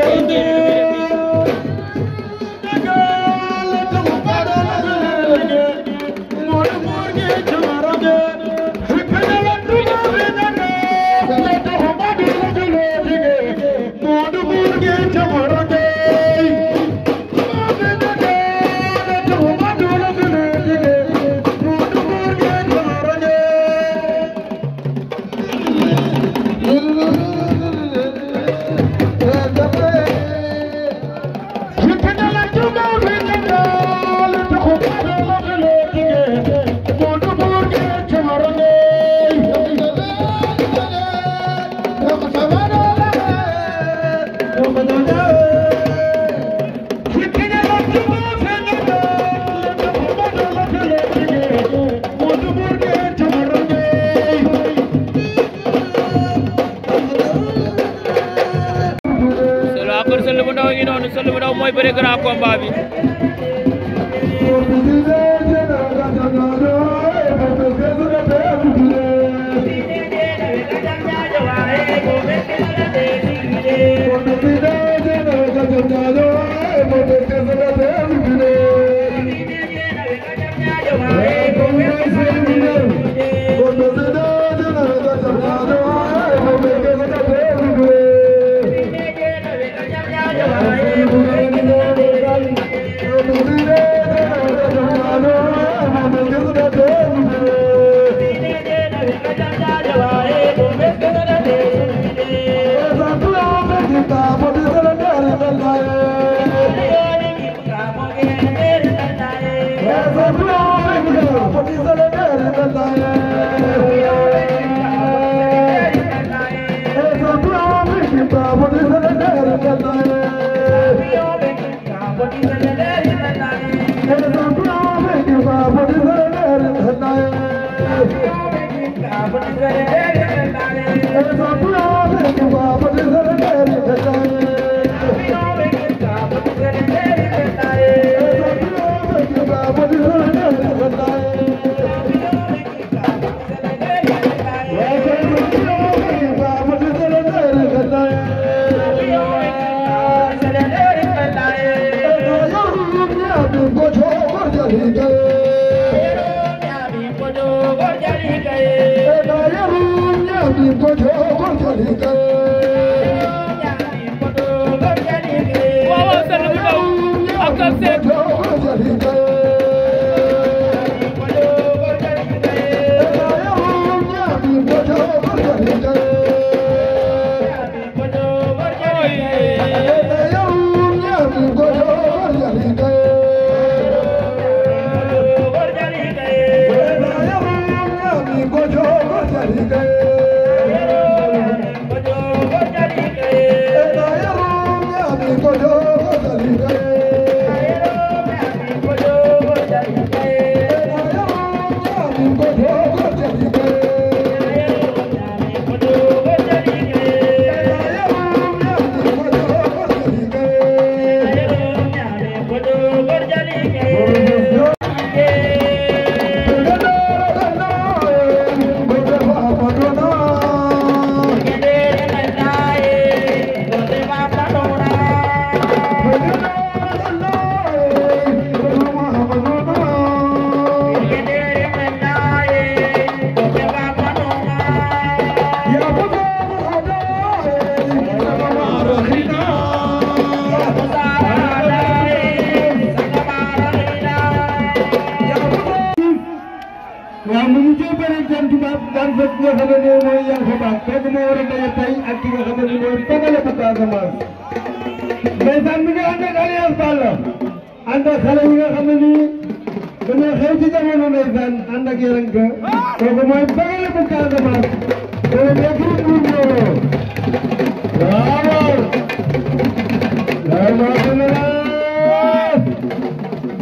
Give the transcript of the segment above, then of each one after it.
t h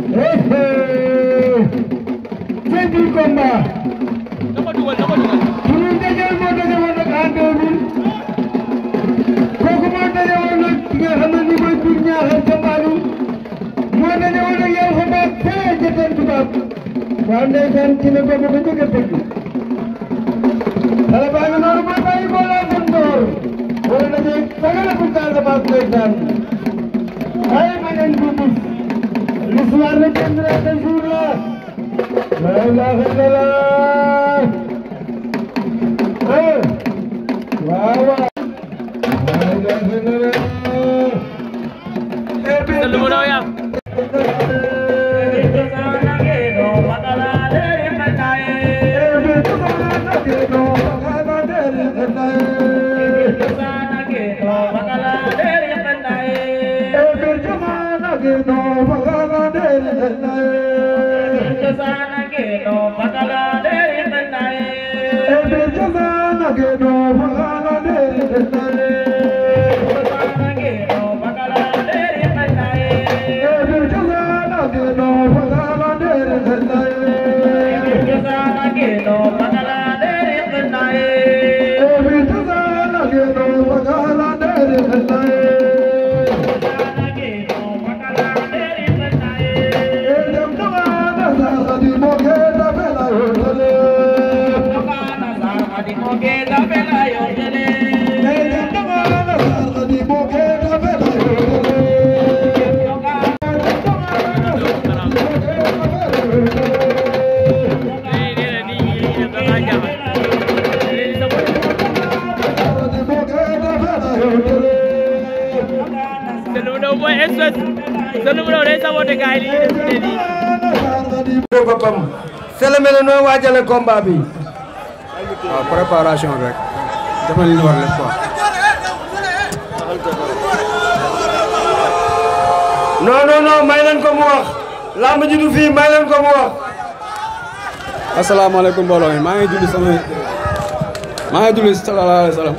Tendi combat. Number two, number two. Tunu daje wonde daje wonde kande bi. Koku mo daje wonde nga xamna ni moy pour ñaax ak jambaru. Mo daje wonde yow xamba fe jeten tuba. Wa ndey tan ci ne bobu ko jëgë bëgg. Dala ba nga noru moy bayi ko la sun dor. Wala daje tagala ku dal ba ko tan. Ay manen bu bu. Islam kendine teşhurlar. La ilahe illallah. Evet. न noo waajale combat bi. waaw préparation rek. def na li ñu war a def quoi. non non non may leen ko mu wax. làmb ji du fii may ko mu wax. asalaamaaleykum mbooloo mi maa ngi julli samay maa ngi julli salallaahu alayhi wa sallam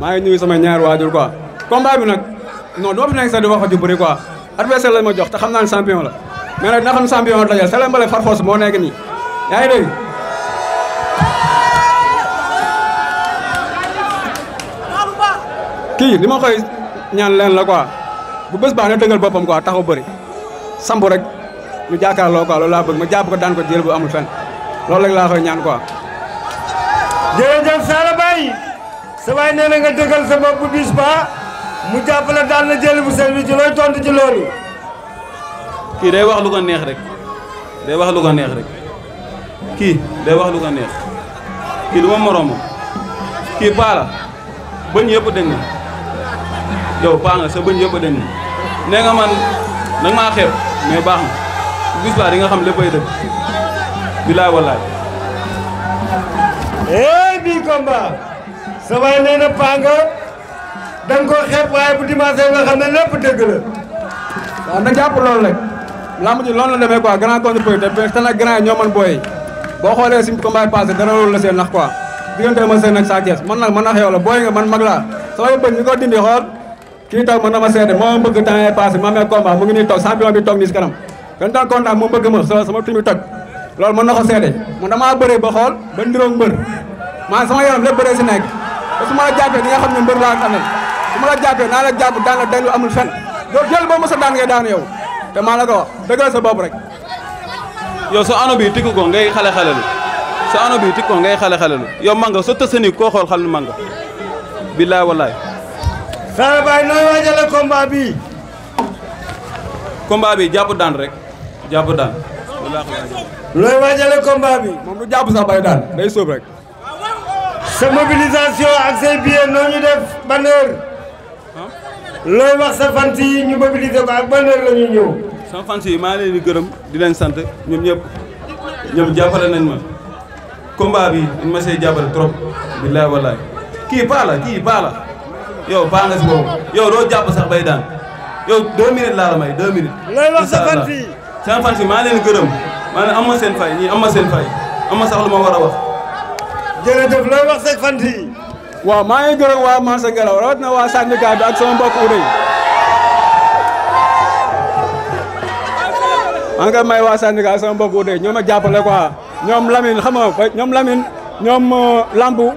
maa ngi nuyu samay ñaari waajur quoi. combat bi nag non doo fi di wax ju bëri quoi adversaire lañ ma jox te xam naa ne champion la mais nag dina xam dajal Sélé Mbalé far force moo nekk nii. E ya, aí, Ki kii koy ñaan lagi la quoi bu bés baax na dëngal quoi taxaw bëri samp rek ñu jàkkaarloo quoi loolu laa bëgg ma jàpp ko daan ko jël bu amul fenn loolu rek laa koy ñaan quoi. jërëjëf Sala Baye sa waay nee nga sa bu bis ba mu la daan na jël kii day wax lu ko kii du ma moroomam kii paa bëñ yëpp dañ na yow paa nga sa bëñ yëpp dañ na nee nga man nag maa xeeb mais baax na bis laa di nga xam léppay dëgg bilaay wallaay éey bii combat sa waay nee na paa nga danga ko xeeb waaye bu dimanche nga xam ne lépp dëgg la na jàpp loolu rek lamb ji loolu la demee quoi grand contre producteur te nag grand ñoo boo xoolee sim combat passé dara loolu la seen nax quoi diggante ma seen ak Sa Thiès man nag man nax yow la booy nga man mag laa sama bëñ ñu ko dindi xool kii toog man na ma seede bëgg temps yee passé ma amee combat mu ngi nii toog champion bi toog nii si kanam gën taan kontaan bëgg ma sama timi toj loolu mën na ko mu damaa bëree ba xool ba ndiroog mbër maa sama yaram lépp bëree si nekk di nga la la la dañ lu amul jël daan daan yow la ko wax sa rek yow sa ano bi tikk ko ngay xale xalelu sa ano bi tikk ko ngay xale xalelu yow manga so tësani koo xool xal manga billaay wallaay Saala nooy waajale combat bi combat bi daan rek jàpp daan looy waajale combat bi moom du jàpp sax daan day sóob rek sa mobilisation ak say billets noo ñu def ban heure looy wax sa fant yi ñu mobiliser ko ak ban heure la ñuy sama fans yi maa leen di gërëm di leen sant ñoom ñëpp ñoom jàppale nañ ma combat i dañ ma see jàppale trop billaay wallaay kii paa la kii paa la yow paa nga si boobu yow doo jàpp sax bay daan yow deux minutes la may deux minutes looy wax sa fans yi sama fans maa leen gërëm maa ne am ma seen fay ñii am ma seen fay am ma sax lu ma war a wax jërëjëf looy wax sa fans yi waaw maa ngi gërëm waa Mansa Ngelaw rawatina waa syndicat bi ak sama mbokk uréy encore may waa Sénégal sama mbokku de ñoo ma jàppale quoi ñoom Lamine xam nga ñoom Lamine ñoom Lambu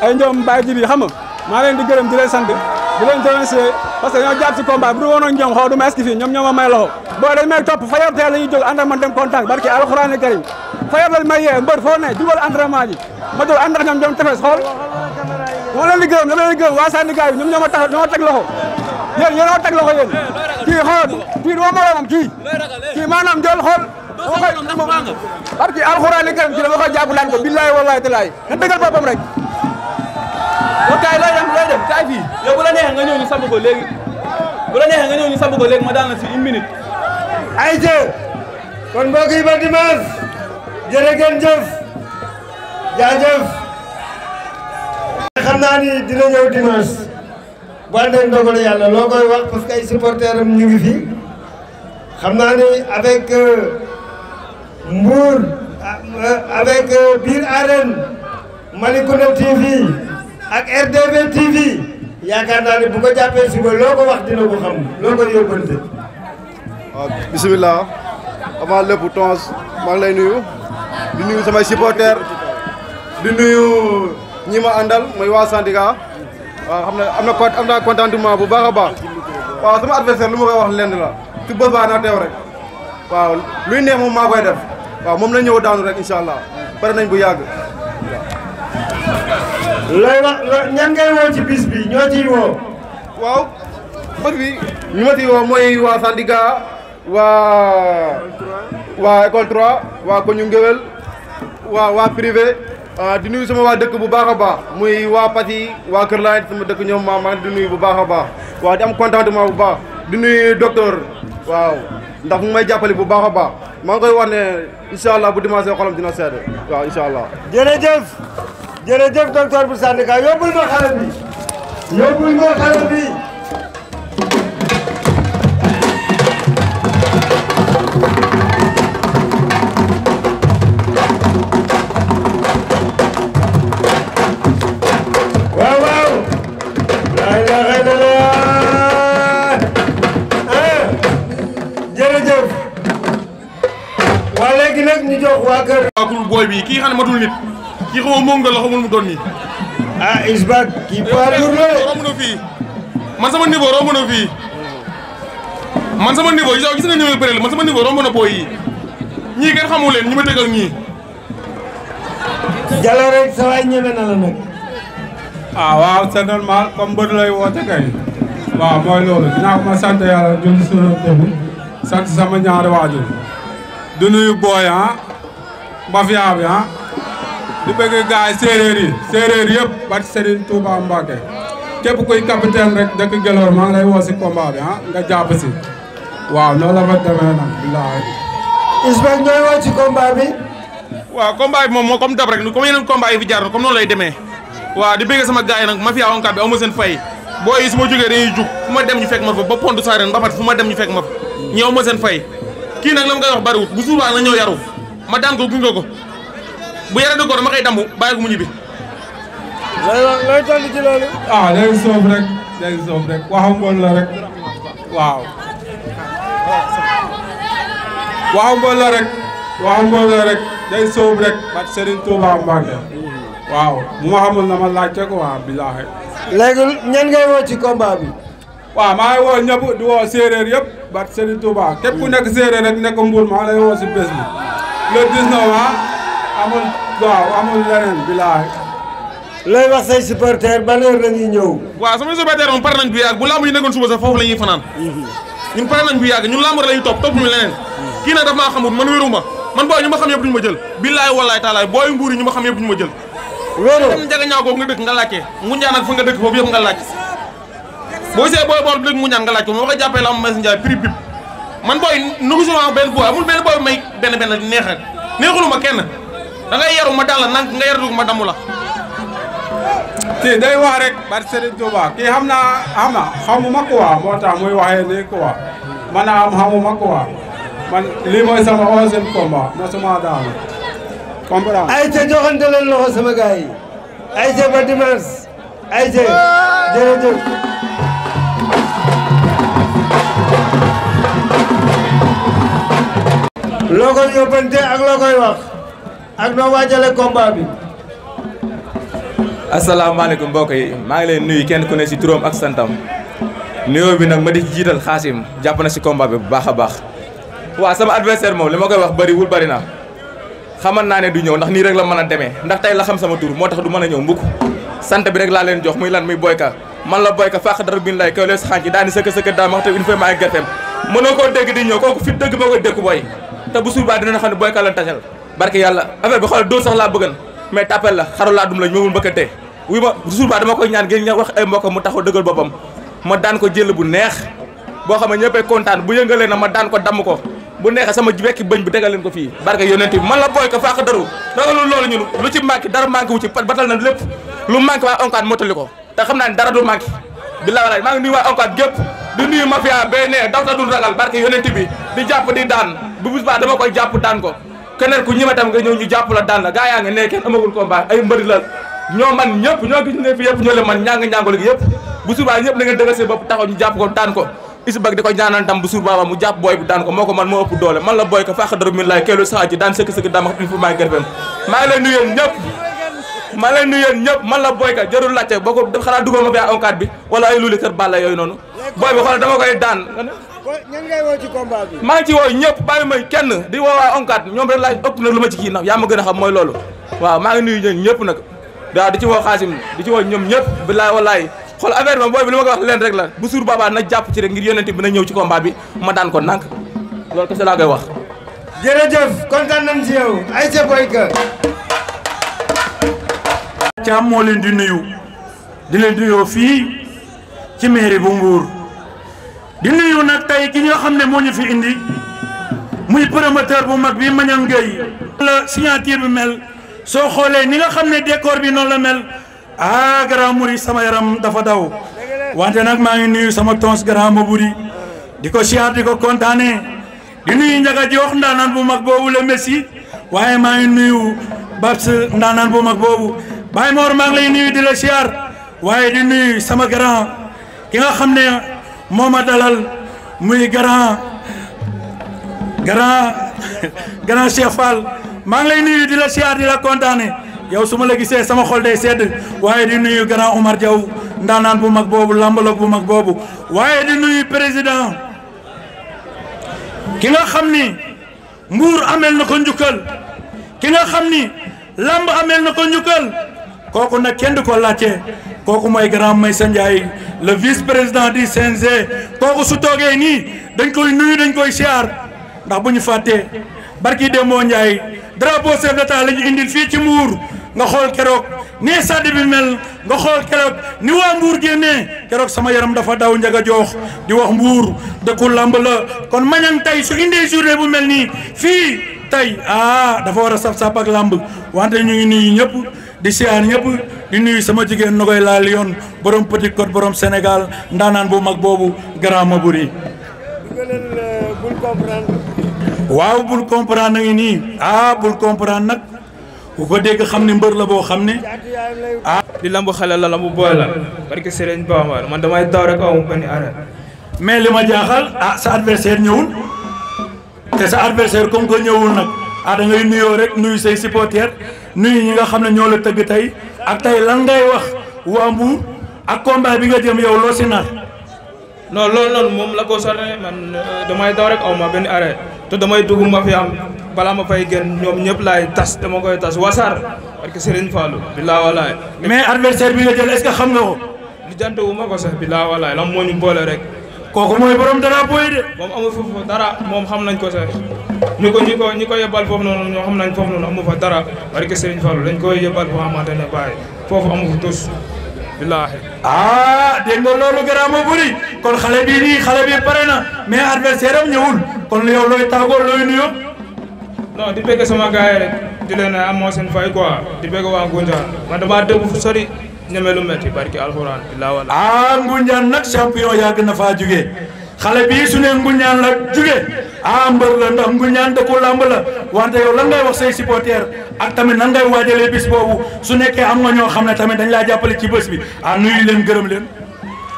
ay ñoom Baye Jibi xam nga maa leen di gërëm di leen sant di leen nyom parce que ñoo jàpp ci combat bu dul woon ak ñoom xaw du ma esquive ñoom ñoo ma may loxo bo dañ may topp fa teel la ñuy jóg man dem contact barki alxuraan karim fayal la may ye mbër fo ne dugal entraînement ji ma jóg ànd ak ñoom ñoom tefes xool moo leen di gërëm dama leen di gërëm waa Sénégal yi ñoom nyom ma tax ñoo ma loxo yéen ñoo teg loxo yéen kii xool kii doo moromam kii ko jàpp naan ko billaay wallaay talaay na dëggal boppam rek o kaay looy dem looy dem kaay fii yow bu la neexee nga ñëw ñu ko léegi ma daan si une minute ay jëw kon mbokk yi ba dimanche jërë ngeen jëf jaajëf xam naa ni dina ñëw bu àndee ndogalu yàlla loo koy wax parce que ay supporteurs am ñu ngi fi xam naa ni avec euh, euh, euh, TV ak RDV TV yaakaar naa ne bu ko jàppee suba loo ko wax dina ko xam loo ko yóbbante. waaw bisimilah avant lépp Tonge maa ngi lay nuyu di nuyu samay supporters di nuyu ñi ma àndal mooy waa waaw xam na am na am naa bu baax a baax waaw sama adversaire lu ma koy wax lenn la su bés baa teew rek waaw luy neex moom maa koy def waaw moom na ñëw daanu rek incha allah pare nañ bu yàgg looy woo ci bis bi ñoo ciy woo waaw bés bi woo mooy waa Sandiga waa école 3 waa koñu ngéwél waa waa privé Ah, di nuyu sama waa dëkk bu baax a baax muy waa Passy waa Kër Laay sama dëkk ñoom maa maa di nuyu bu baax a baax waaw di am contentement bu baax di nuyu docteur waaw ndax mu may jàppale bu baax a baax maa ngi koy wax ne bu dimanche xolam dina docteur bu Sandika ma bi ma bi. boy bi kii xam ne matul nit kii xaw ma moom la xamul mu doon nii. ah Isbak. kii Paa Ndour la romb na fii man sama niveau romb na fii man sama niveau yow gis nga ni ma bëree man sama niveau romb na booy yi ñii kenn xamu leen ñu ma dëggal ñii. Jalla rek sa waay ñeme na la nag. ah waaw c'est normal comme bët lay woote kay. waaw mooy loolu dinaa ma sant yàlla julli suñu déglu sant sama ñaari waajur du booy ah. mafia bi ah di bëgg sereri, yi séeréer yi séeréer yëpp bat Serigne Touba Mbacké képp kuy capitaine rek dëkk Gelor maa ngi lay woo si combat bi ah nga jàpp si waaw noonu la fa demee nag bilaay Ismaël ñooy woo ci combat bi waaw combat bi moom moo comme dab rek comme yeneen combat yi fi jaar comme lay waaw di bëgg sama gars yi mafia onka bi aw ma seen fay boo yi su ma jógee dañuy jug fu ma dem ñu fekk ma fa ba pont Sarène ba pat fu dem ñu fekk ma fa ma seen fay bu yaru ma daan ko gunge ko bu yara di góor ma koy dambu bàyyi ko mu ñibbi. looy looy toll ci loolu. ah léegi soof rek léegi soof rek waxamboon la rek waaw. waxamboon la rek waxamboon la rek day soof rek bat Serigne waaw mu ma xamul na ma laajte ko waaw billaahi. léegi ñan ngay woo ci combat bi. waaw maa ngi woo ñëpp di woo séeréer yëpp bat Serigne Touba képp ku nekk séeréer rek nekk Mbour maa lay woo si bés le 19 ah amul waaw amul leneen bilaay. lay wax say supporters ban heure la ñuy ñëw. waaw samay supporters moom pare nañ bu yàgg bu làmb yi nekkoon suba sax foofu la ñuy fanaan. Mhm. ñun pare nañ bu yàgg ñun làmb la ñuy topp topp ñu leneen. Mhm. kii nag daf maa xamul man wéru ma man booy ñu ma xam yëpp duñu ma jël. billaay wallaay taalaay booy mbuur yi ñu ma xam yëpp duñu ma jël. wéeru dem njaga ñaaw googu nga dëkk nga laajte nguñaan ak fa nga dëkk foofu yëpp nga laaj boo see booy bool bi dëkk nguñaan nga laaj ko moo ko la am mes njaay man booy nu mu souvent benn booy amul benn booy may benn benn neexal neexulu kenn da ngay yaru ma dàll nank nga yaratu ma damu la. kii day wax rek bari Serigne Touba kii xam naa xam na xamuma ko waa moo tax muy waxee nii ko waa man a am xamuma ko waa man lii mooy sama onzième combat mosuma daanu comprendre. ayca joxante leen loxo sama gars yi ayca ba dimanche ayca jërëjëf. logo koy yóbbante ak loo koy wax ak no wajale combat bi asalaamaaleykum mbokk yi ma ngi leen nuyu kenn ku ne ci turam ak santam nuyo bi nak ma di jital khasim japp na ci combat bi bu baax a baax waaw sama adversaire mom limako wax bari wul bari na xamal na ne du ñew ndax ni rek la mën a ndax tay la xam sama tour motax du mën ñew mbuk sante bi rek la leen jox muy lan muy boyka man la boyka fàq dara bin lay ko les xànc daani seuk seuk da ma wax une fois ma ay gatem mënoo ko dégg di ñew koku fi dëgg moo koy dëkku boy Tak bu suur dina xamne boy kala booy ya lah, barke yalla affaire bi xol do sax la bëggan mais tapel la xaru la dum lañ moomul mbëkkantee wi ma suur baa dama koy ñaan gën wax ay mbokk mu taxaw deugal bopam ma daan ko jël bu neex bo xamne ne ñëppay kontaan bu yëngalee na ma daan ko dam ko bu neex sama wekki bëñ bu tegal leen ko fi barke yonenti man la boy ko faax daru lu lolu ñun lu ci manki dara manki wu ci batal na lepp lu manki wa onkat motaliko ta xamna dara du manki billahi nuyu wa onkat gep di nuyu mafia bay ne daw ta dul ragal barke yonent bi di jàpp di daan bu bis baa dama koy daan ko keneen ku ñime tam nga ñëw ñu la daan la gaa yaa nga ne kenn amagul combat ay mbëri la ñoo man ñëpp ñoo gis fi yëpp ñoo leen man ñàng ñàngul gi yëpp bu subaa ñëpp na ngeen dëgg seen bopp taxaw ñu ko daan ko isi bag di ko ñaanal tam bu suur mu jàpp booy bi daan ko moo ko man moo ëpp doole man la booy ko faaxa daru keelu saxaji ma leen nuyu yéen ñëpp man la boyka jarul laajte boo ko xanaa duggoo ma fi à oncat bi wala ay luuli kër Balla yooyu noonu booy bi xoolal dama koy daan ñan bi lu ma ci a wax leen rek la bu suur baba na jàpp ci rek ngir yonente bi na ñëw ci combat bi ma daan ko nànk loolu kese laa koy wax jërëjëf kontaan nañ ci yow ay sa boyka cham mo len di nuyu di di nuyoo fi ci mairie bu ngour di nuyu nak tay ki nga xamne ne fi indi muy promoteur bu mag bi Maniang la signature bi mel so xolé ni nga xamne ne décor bi non la mel a ah, grand mouri sama yaram dafa daw wante nak ma ngi nuyu sama tons grand mouri diko xiar diko contane di nuyu ñaga jox ndanan bu mag bobu le Messi waye ma ngi nuyu Babs ndanan bu mag bobu bay Mor maa ngi lay nuyu di la di nuyu sama grand ki nga xamne moma dalal muy grand grand grand Cheikh Fall maa lay nuyu di la siyaar di la yow suma la gisee sama xol day sedd waye di nuyu grand Omar Diaw ndanan bu mag bobu lambaloog bu mag bobu waye di nuyu president ki nga amel na ko ndukal ki nga xamni lamb amel na ko ndukal koko na kendo ko lache koko mooy gram Meissa sanjay le vice president di CNG koko su toge ni dañ koy nuyu dañ koy ndax buñu faté barki barki mo nyaay drapeau chef d'état la indi fi ci mur nga xol kérok ni stade bi mel nga xol kérok ni wa Mbour gene kérok sama yaram dafa daw njaga jox di wax Mbour ko lamb la kon mañan tay, su indi journée bu mel ni fi tay ah dafa wara sap sap ak lamb wante ñu ngi ni ñepp di siyan ñëpp di nuyu sama jigéen na la lion borom petit côte borom Senegal ndanan bu mag bobu Grand Maboury waaw bul comprendre ngi ni ah bul comprendre nak ko ko deg xamni mbeur la bo xamni ah di lamb xala la lamb booy la barke Serigne bamar man damay daw rek um amu ni ara mais lima jaxal ah sa adversaire ñewul te sa adversaire kom ko ñewul nak ah da ngay nuyoo rek nuyu say supporters nuyu ñi nga xam ne ñoo la tëgg tey ak tey lan ngay wax waa Mbour ak combat bi nga jëm yow loo si nar. non loolu noonu moom la ko sori man euh, damay daw rek aw ma benn arrêt te damay dugg ma fi am balaa ma fay génn ñoom ñëpp laay tas dama koy tas wasaar parce que Serigne Fallou. billaa walaay. mais adversaire bi nga jël est-ce que xam nga ko. lijjante wu ma ko sax billaa walaay lam moo ñu boole rek. kooku mooy borom dara booy de. moom amu foofu dara moom xam nañ ko sax ñu ko ñu ko ñu foofu noonu ñoo xam nañ foofu noonu amu fa dara barke Serigne Fallou dañ koy yebal foo xamante ne bàyyi foofu amu fa tus billaahi. ah dégg loolu garaaw ma bëri kon xale bii nii xale bi pare na mais adversaire am ñëwul kon yow looy tàggoo looy nuyoo. non di bëgg sama gars yi di leen amoo seen fay quoi di bëgg waa Ngunjaan man damaa déglu fu sori. ñemelu metti barki alquran illa wala ah ngunjaan nak champion yag ya na fa jugé xalé bi su ne ngunjaan la jugé ah mbeur la ndax ngunjaan da ko lamb la wante yow lan ngay wax say supporter ak tamit nan ngay wajalé bis bobu su nekké am nga ño xamné tamit dañ la jappalé ci bëss bi ah nuyu leen leen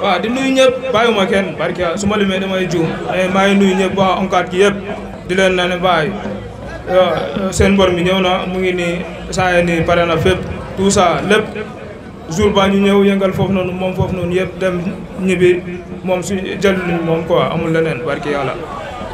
wa di nuyu ñepp bayuma kenn barki suma limé damay joom ay may eh, nuyu ñepp wa onkat gi yépp di leen nané bay ya, eh, seen bor mi ñew na mu ngi ni saay ni fep tout ça lepp jour ba ñu ñëw yëngal foofu noonu moom foofu noonu yëpp dem ñibbi moom su jël nañ moom quoi amul leneen barki yàlla.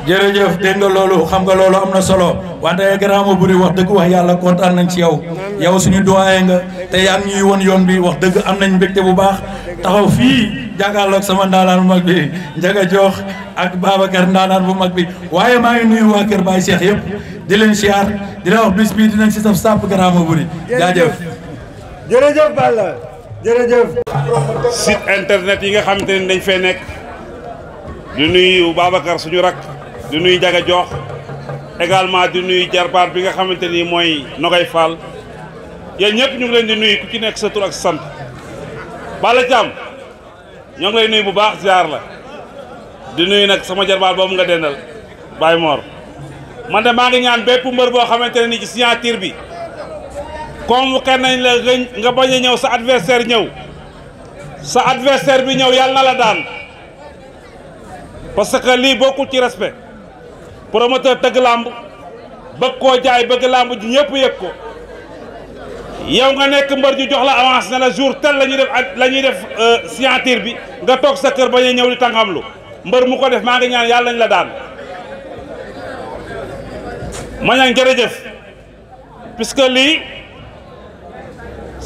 jëf dégg nga loolu xam nga loolu am na solo wante grand ma buri wax dëgg wax yàlla kontaan nañ ci yow yow suñu doyen nga te yaa ngi ñuy won yoon bi wax dëgg am nañ mbégte bu baax taxaw fii jàkkaarloog sama ndaanaan bu mag bi Njaga Joox ak Babacar ndaanaan bu mag bi waaye maa ngi nuyu waa Kër Baye Cheikh yëpp di leen siyaar di la wax bis bii dinañ si saf sàpp grand ma jërëjëf Balla jërëjëf. site internet yi nga xamanteni dañ fay nek di nuyu babakar suñu rak di nuyu Jaga Jox également di nuyu jarbar bi nga xamanteni moy Nogay Fall yeen ñepp ñu ngi leen di nuyu ku ci nek sa tur ak sa sant Balla jam ñu ngi lay nuyu bu baax ziar la di nuyu nak sama jarbaar boobu nga dendal bay Mor man de ma ngi ñaan bepp mbeur bo xamanteni ci signature bi. convoqué nañ la nga bañ a ñëw sa adversaire ñëw sa adversaire bi ñëw yàlla na la daan parce que lii bokkul ci respect promoteur tëgg làmb bëgg koo jaay bëgg làmb ji ñëpp yëg ko yow nga nekk mbër ju jox la avance ne la jour tel la ñuy def la ñuy def euh, signature bi nga toog sa kër bañ a ñëw li tàngamlu mbër mu ko def maa ngi ñaan yàlla nañ la daan ma ñaan jërëjëf puisque lii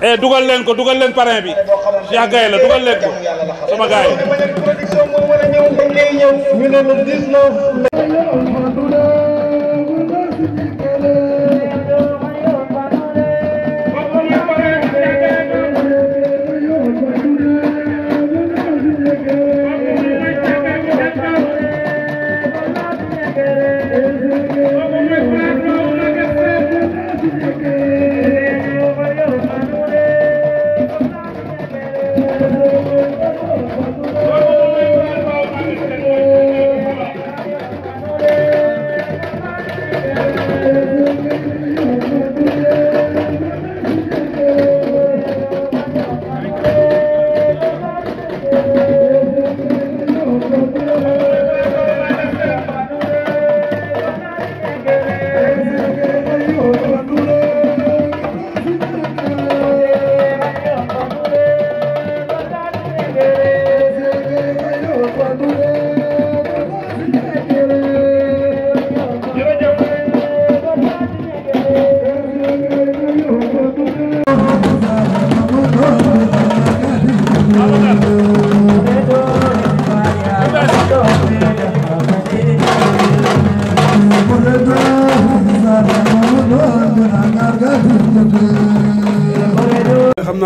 eh dugal leen ko dugal leen parrain bi Cheikh Gaye la dugal leen ko sama gars yi. ñu ne le 19 mai.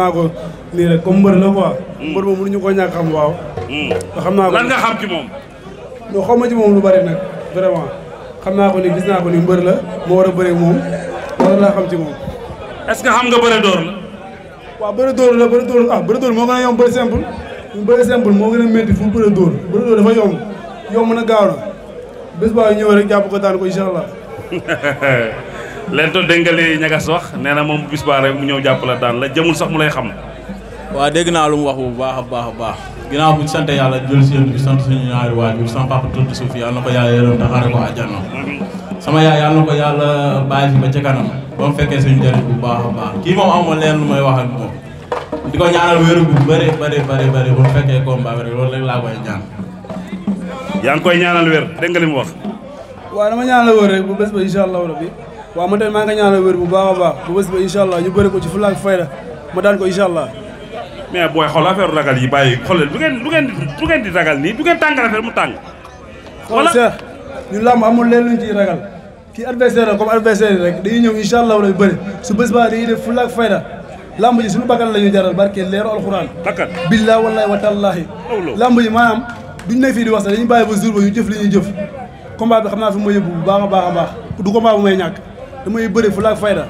naa ko nii rek comme mbër la quoi. Mm. mbër moom mënuñu koo ñàkk xam waaw. Mm. te xam naa ko lan nga xam ci moom. non xaw ma ci moom lu bari nag vraiment xam naa ko ni gis naa ko ni mbër la moo war a bëri moom a laa xam ci moom. est-ce que xam nga bëre door la. waaw bëre door la bëre door ah bëre door moo gën a yomb bëre simple. bëre simple moo gën a métti fu bëre door bëre door dafa yomb yomb na gaaw na baa ñëw rek jàpp ko ko incha allah. leen to déngale ñagas wax nee na bis baa rek mu ñew japp la daan la jëmul sax mu lay xam wa dégg na lu mu wax bu baax baax baax ginaaw bu sante yalla jël ci yeen bi sante suñu ñaari waaj bu sante papa tudd suuf yalla nako yalla yàlla yërëm te xare ko àjjana sama yaa yalla nako yalla baay bàyyi fi ba ci kanam bo mu fekkee suñu jël bu baax baax ki moom amul leen lu may wax ak mom diko ñaanal wëru bu bari bari bari bari bu fekke ko mbaa bi rek loolu rek la koy ñaan yaang koy ñaanal wër dégg mu wax wa dama ñaanal wër rek bu bes ba inshallah rabbi wa man tamit ma nga ñaanal wër bu baax a baax bu bés ba incha allah ñu bëri ko ci fulla fayda ma daan ko incha allah mais boy xol affaire ragal yi bàyyi xoolal du ngeen du ngeen du ngeen di ragal nii du ngeen tàngal affaire mu tàng wala Cheikh ñu lam amul leen luñ ci ragal ki adversaire comme adversaire rek dañuy ñëw incha allah lañu bëri su bés ba dañuy def fulla fayda lamb ji suñu bakkan lañu jaral barke leeru alquran bakkan billaa wallahi wa tallahi oh, lamb ji manam duñ nekk fi di wax sax dañuy bàyyi ba jour ba ñu jëf li ñuy jëf combat bi xam naa fi ma yóbbu bu baax a baax a baax du combat bu may ñàkk damay bëri fu la fayda.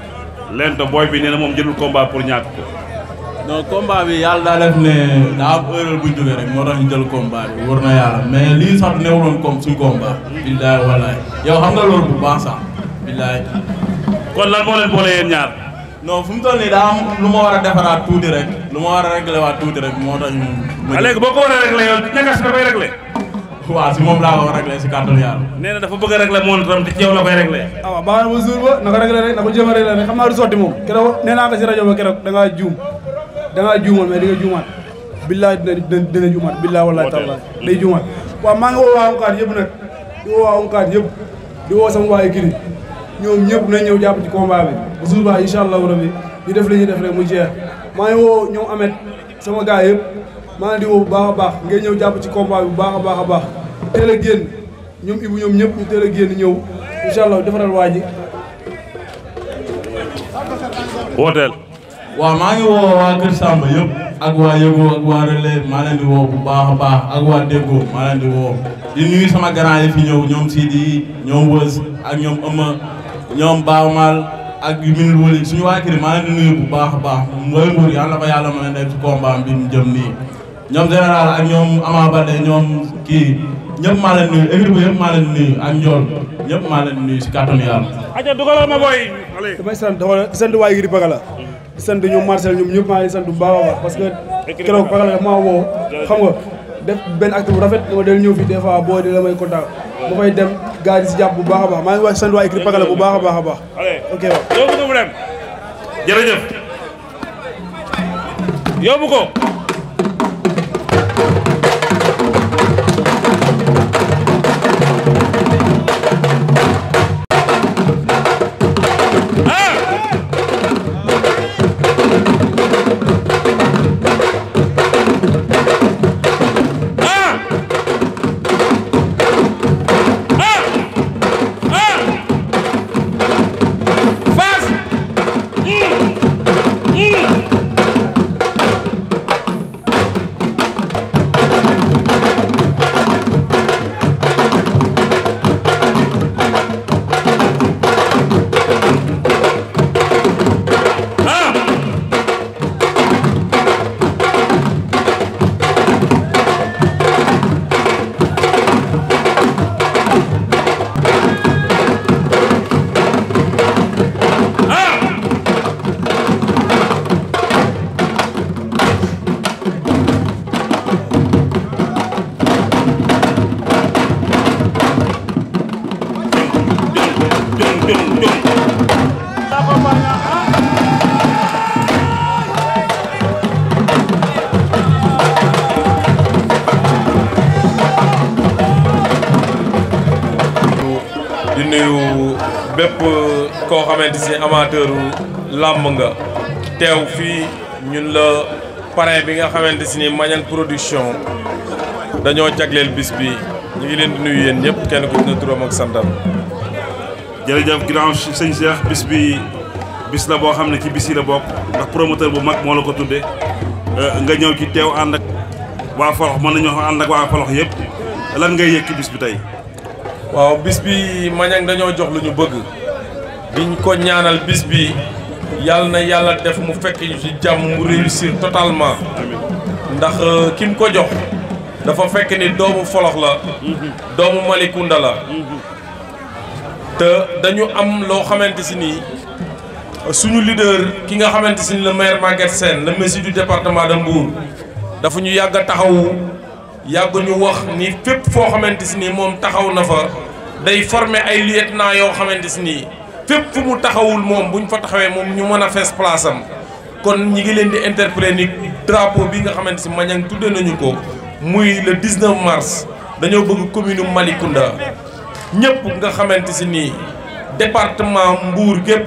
lento booy bi nee na moom jëlul kombaa pour ñàkk ko. non combat bi yàlla daa ne daa am erreur bu ñu rek moo tax ñu jël combat bi wër na yàlla mais lii sax newuloon comme suñu combat. billaay walaay yow xam nga loolu bu baax sax billaay. kon lan moo leen boole yéen ñaar. non fu mu daa lu ma war a defaraat tuuti rek. lu ma war a réglé waat tuuti rek moo tax ñu. Ah, léegi boo ko war a réglé yow ñagas nga koy réglé. waa si moom laa ko réglé si kàttan yàlla nee dafa bëgg a réglé moom itam te ci la koy réglé ah waaw baax na ba jour ba na ko réglé rek na ko jéem a réglé rek xam naa du sotti moom keroog nee naa ko si rajo ba keroog da ngaa juum da ngaa juumoon mais di nga juumaat billaay dina dina juumaat billaay wallaay taala day juumaat waaw maa ngi woo waa Onkaat yëpp nag di woo waa Onkaat yëpp di woo sama waa Ikiri ñëpp nañ ñëw jàpp ci combat bi ba jour ba incha allahu rabi ñu def li ñuy def rek mu jeex maa ngi woo ñoom Amet sama gaa yëpp maa di woo bu baax a baax ngay ñëw jàpp ci combat bi bu baax a baax a baax teel a ñoom Ibou ñoom ñëpp ñu teel a génn allah defaral waa ji. wooteel. waaw maa ngi woo waa Kër Samba yëpp ak waa Yego ak waa Relais maa leen di woo bu baax a baax ak waa Déggo maa leen di woo di nuyu sama grand yi fi ñëw ñoom Sidi ñoom Wës ak ñoom Ëmma ñoom Baawmal ak yu mel ni suñu waa kër maa leen di nuyu bu baax a baax mooy nguur yàlla ba yàlla mën a nekk ci combat bi mu jëm nii. ñom général ak ñom Ama Baldé ñom ki ñëpp ma leen nuyu équipe yépp ma leen nuyu ak njool ñëpp ma leen nuyu ci carton yàlla. aja dugalal ma booy. damay sant dama sant waa Yiri Bagala. di sant ñu Marcel ñoom ñëpp ma ngi sant bu baawa a parce que keroog Bagala ma wo xam nga def ben acte bu rafet mo del ñew fi des fois boo di la may contact mu fay dem gars yi si jàpp bu baaxa baax ma ngi wax sant way équipe Bagala bu baaxa baaxa baax a baax. ok waaw. yóbbu ko mu dem. jërëjëf. yóbbu ko. di nuyu bépp koo xamante si amateur làmb nga teew fii ñun la parrain bi nga xamante si ni Magnane production dañoo jagleel bis bi ñu ngi leen di nuyu yéen ñëpp kenn ku ne turam ak santam. jërëjëf ginnaaw sëñ Cheikh bis bi. bis la boo xam ne ci bis yi la bokk ndax promoteur bu mag moo la ko tudde euh, nga ñëw ci teew ànd ak waa Folox mën nañoo ànd ak waa Folox yëpp lan ngay yëg ci bis bi tey. waaw bis bi Maniang dañoo jox lu ñu bëgg diñ ko ñaanal bis bi yàlla na yàlla def mu fekk ñu ci jàmm mu réussir totalement. ndax euh, kim ko jox dafa fekk ni doomu Folox la. Mm-hmm. doomu Malicounda la. Mm-hmm. te dañu am loo xamante si nii. suñu leader ki nga xamanteni le maire Maguette Sen le maire du département de Mbour dafa ñu yàgg taxaw yagg ñu wax ni fepp fo xamanteni mom taxaw na fa day former ay lieutenant yo xamanteni fepp fu mu taxawul mom, buñ fa taxawé mom ñu mëna fess place am kon ñi ngi leen di interpeller ni drapeau bi nga xamanteni si Magnang tudde nañu ko muy le 19 mars dañu bëgg commune malikunda, ñepp nga xamanteni département Mbour gep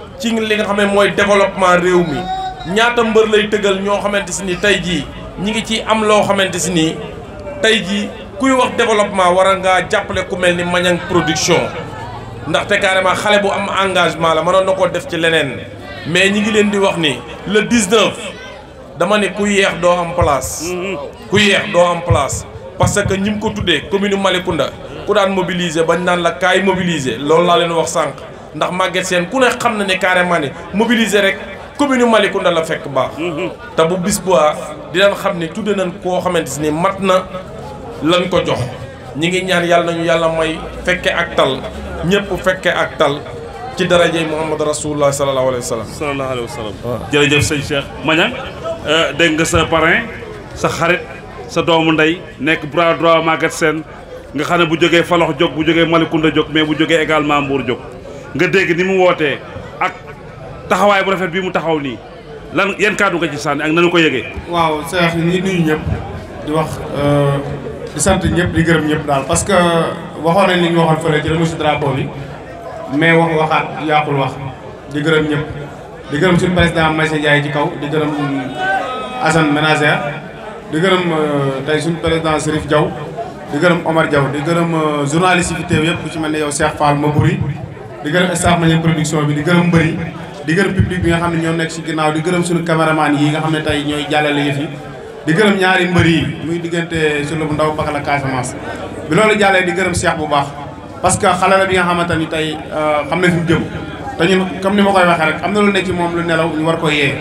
ci li nga xam ne mooy développement réew mi ñaata mbër lay tëgal ñoo xamante si ni tey jii ñi ngi ciy am loo xamante si ni tey jii kuy wax développement waral a ngaa jàppale ku mel ni Magnang production ndaxte carrément xale bu am engagement la mënoon na koo def ci leneen mais ñi ngi leen di wax ni le 19 dama ne ku yeex doo am place ku yeex doo am place parce que ñi mu ko tuddee commune Malicounda ku daan mobiliser bañ naan la kaay mobiliser loolu laa leen wax sànq ndax Maguette seen ku ne xam na ne carrément ne mobiliser rek commune Malicounda la fekk baax. Mhm. te bu bis bu dinañ xam ne tuddee nañ koo xamante ni mat na lañ ko jox ñi ngi ñaan yàlla nañu yàlla may fekke ak tal ñëpp fekke ak tal. ci darajey Muhammad Rasulullah sallallahu alayhi wa sallam. sallallahu alayhi wa sallam. jërëjëf sëñ Cheikh Mañang euh, dégg nga sa parrain sa xarit sa doomu ndey nekk bras droit màgget seen nga xam ne bu jógee Falox jóg bu jógee Malicounda jóg mais bu jógee également Mbour jóg. nga dégg ni mu wootee ak taxawaay bu rafet bii mu taxaw nii lan yan kàddu nga ci sànni ak nanu ko yëgee. waaw Cheikh ñi nuyu ñëpp di wax euh, di sant ñëpp di gërëm ñëpp daal parce que waxoon nañ li ñu waxoon fële ci remise si drapeau bi mais wax waxaat yàqul wax di gërëm ñëpp di gërëm suñu président Maïssa Ndiaye ci kaw di gërëm Assane Ménagère di gërëm euh, tey suñu président Serif Diaw di gërëm Omar Diaw di gërëm euh, journaliste yi fi teew yëpp ku ci mel ne yow Cheikh Fall Mabouri di gërëm staff mañu production bi di gërëm bari di gërëm public bi nga xamni ñoo nekk ci ginnaaw di gërëm suñu cameraman yi nga xamni tay ñoy jallale jàllale yëf yi di gërëm ñaari mbër yi muy digënté suñu bu ndaw bakala Casamance bi loolu jallé di gërëm Cheikh bu baax parce que xale bi nga xamantani ni euh, xamna fi jëm te ñun comme ni ma koy waxe rek amna lu nekk ci mom lu nelaw ñu war ko yé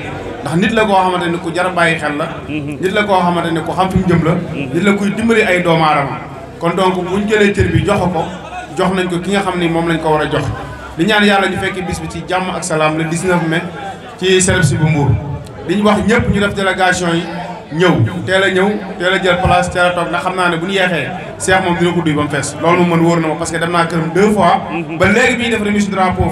ndax nit la ko xamantani ni ku jar a xel la mhm. nit la ko xamantani ku xam fi jëm la mhm. nit la kuy dimbali ay doomu kon donc buñu jëlé cër bi jox ko jox nañ ko ki nga xamni mom lañ ko wara jox di ñaan yàlla ñu fekk bis bi ci jàmm ak salaam le 19 mai ci CELEPS bu Mbour li ñu wax ñëpp ñu def délégation yi ñëw teel a ñëw teel a jël place teel a ndax xam naa ne bu ñu yeexee seex moom dina ko duy ba mu fees loolu moom man wóor na ma parce que dem naa këram deux fois ba léegi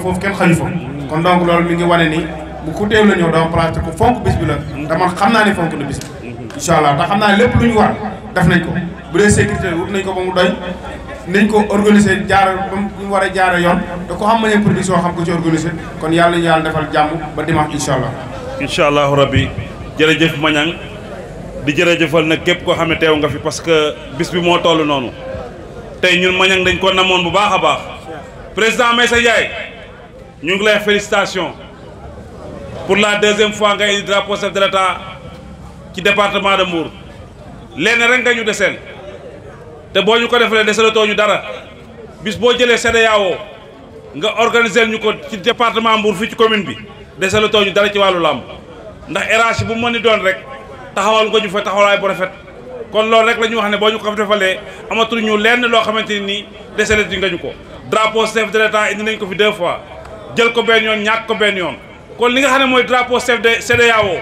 foofu kenn xaju fa kon donc loolu mi ngi wane ni bu ku teew la ñëw dama te bi la man xam naa ne fonk na bis bi incha allah ndax xam naa lépp lu ñu war def nañ ko bu dee sécurité wut nañ ko ba mu doy nañ ko organiser jaar ba mu war a jaara yoon te ko xam ma ne production xam ko ci organiser kon yàlla ñu yàlla defal jàmm ba dimanche incha allah. incha allahu rabbi jërëjëf Mañang di jërëjëfal nag képp koo xam ne teew nga fi parce que bis bi moo toll noonu tey ñun Mañang dañ ko namoon bu baax a baax président Meyssa Ndiaye ñu ngi lay félicitation pour la deuxième fois nga indi drapeau chef de l'État ci département de Mbour lenn rek nga ñu deseel te boo ñu ko defalee desalatoo ñu dara bis boo jëlee CEDEAO nga organiser ñu ko ci département Mbour fii ci commune bi desalatoo ñu dara ci wàllu làmb ndax érage bu mën ni doon rek taxawal nga ñu fa taxawaay bu rafet kon loolu rek la ñu wax ne boo ñu ko defalee amatuñu lenn loo xamante ne nii desalati nga ñu ko. drapeau chef de indi nañ ko fi deux fois jël ko benn yoon ñàkk ko benn yoon kon li nga xam ne mooy drapeau chef de CEDEAO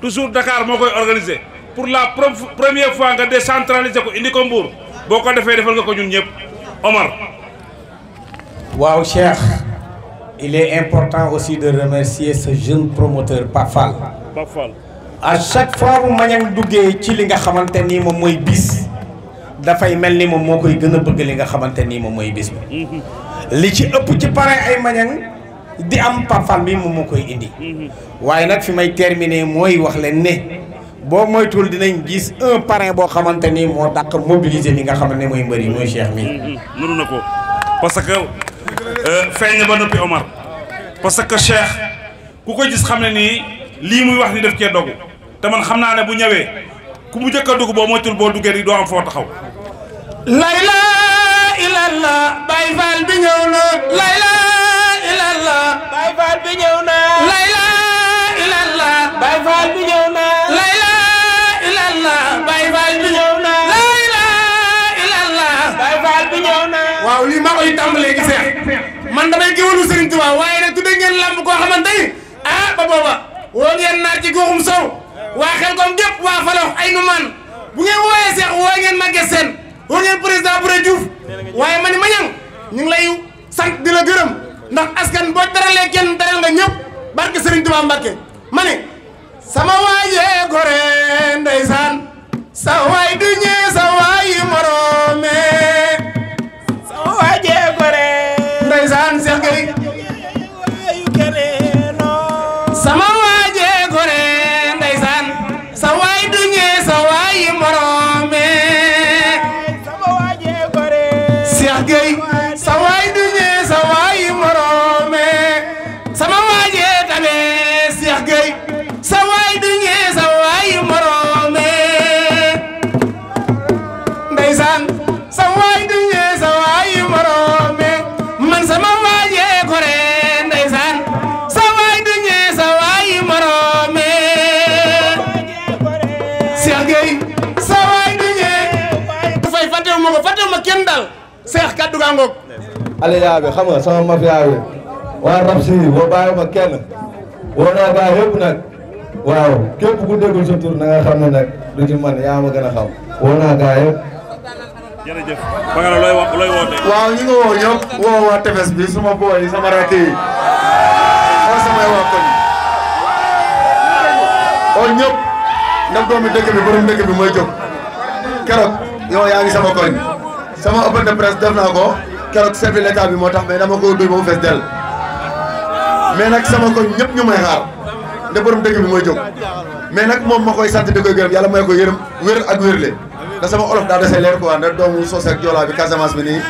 toujours Dakar moo koy organiser pour la première fois nga décentraliser ko indi ko Mbour. boko defé defal nga ko ñun ñëpp Omar. waaw Cheikh il est important aussi de remercier ce jeune promoteur Pafal Pafal à chaque fois bu ak duggé ci li nga xamanteni mom moy bis da fay melni mom moo gëna bëgg li nga xamanteni mom moy bis mhm. li ci ëpp ci paré ay Magnang di am Pafal mi mom moom indi. Mhm. waye nak fi may terminer moy wax leen né boo moytuwul dinañ gis un boo xamante ni moo dàq mobiliser li nga xam ne mooy mbër yi mooy Cheikh mi. Mm-hmm. mënu na ko parce que euh, feeñ na ba noppi Omar parce que Cheikh ku ko gis xam ne nii lii muy wax ni def cee dogu te man xam naa ne bu ñëwee ku mu njëkk a dugg boo moytuwul boo duggee di doo am foo taxaw. layla ilallah Baye Fall bi ñëw na. layla ilallah Baye Fall bi ñëw na. yu tàmbalee gi seex man damay géwalu Serigne Touba waaye nag ah ba booba woo ngeen naar ci goxum sow waa xel koom gépp waa falox ay nu maan bu ngeen wooyee seex woo ngeen Maguette Sène woo ngeen président Bouré Diouf waaye ma ma ñang ñu lay sant di gërëm ndax askan boo daralee kenn daral nga ñëpp Serigne Touba sama waayee gore sa sa ngoog aliyaa bi xam sama mafia bi waa Rapsi boo bàyyi ma kenn woo naa gaa yëpp nag waaw képp ku déggul sa tur xam ne nag du yaa ma xam woo naa gaa yëpp jërëjëf Bangaram ñu woo ñëpp woo waa tefes bi booy yi sama woo samay waa koñ woo ñëpp ndax doomi dëkk bi borom dëkk bi mooy jóg keroog sama koñ. sama open de presse def naa ko keroog service l'état bi moo tax mais dama ko duy ba mu fees dell mais nag sama ko ñëpp ñu may xaar nde borom dëkk bi mooy jóg mais nag moom ma koy sant di koy gërëm yàlla may ko yërëm wér ak wérle da sama olof daa dese leer quoi ndax doomu soose ak joolaa bi Casamance bi nii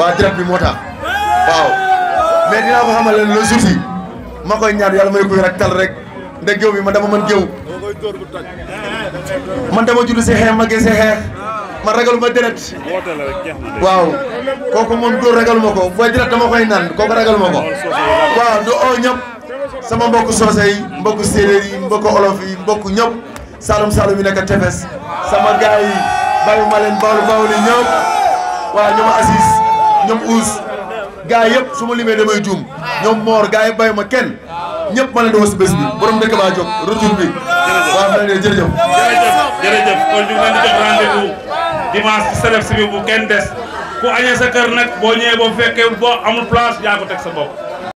waa direct bi moo tax waaw mais dinaa ko xamal leen le jour yi ma koy ñaan yàlla may ko wér tal rek nde géew bi man dama man dama man ragaluma deret waaw kooku moom góor ragaluma ko booy deret dama koy naan kooku ragaluma ko waaw du oo ñëpp sama mbokk soose yi mbokk séeréer yi mbokk olof yi mbokk ñëpp saalum saalum yi nekk tefes sama gaay yi bàyyiwuma leen bawlu bawlu ñëpp waaw ñoom Assis ñoom Ous gaay yëpp su ma limee damay juum ñoom Mor gaay yi bàyyiwuma kenn ñëpp ma leen di woo si bés bi borom dëkk baa jóg retour bi waaw ma leen di jërëjëf jërëjëf kon ñu ngi dimanche ci seleb si bi bu kenn des ku añee sa kër nag boo ñëwee boo fekkee boo amul place yaa ko teg sa bopp